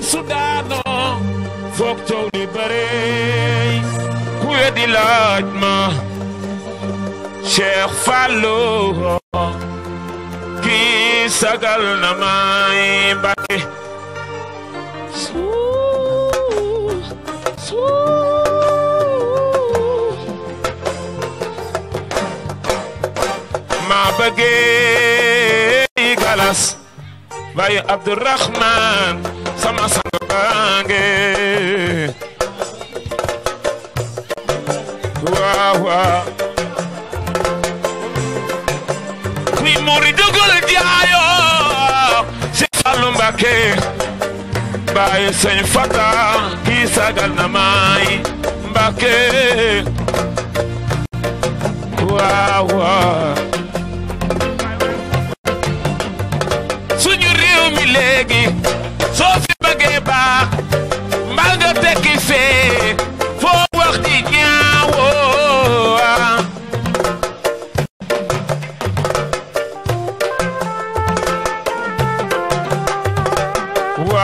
naan su oh. foog coow li bëree ku weddi laaj ma Cheikh Fallou oh. kii sagal na may Mbàkke ma bëggee galas bayu Abdourahman sama sang baange waaw waaw mi muridu gol jaayo si Fallu Mbàkke baay sëñ Fata kii sagal na maay Mbàkke waaw waaw suñu réew mi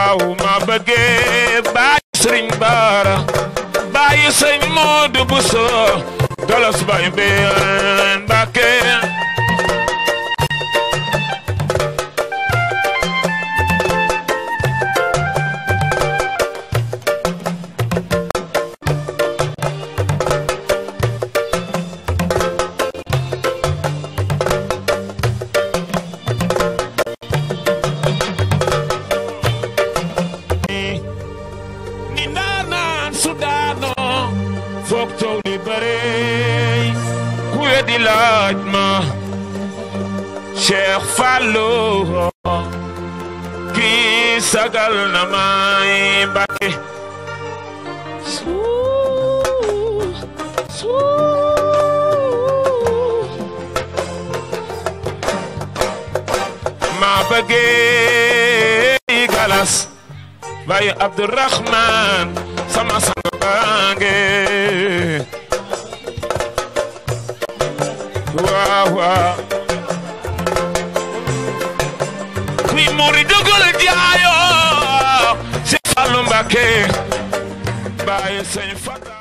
waaw ma bëggee baay sëriñ baara baay sëriñ Moodu Buso dolos bay bee Grace, who are the Lord, ma? Cher follow, kiss a girl on my back. Mabagay galas, by Abdurrahman, sama sama bangay. buuri jógal jaayoo si Fallou Mbacké bàyyi sëñ Fata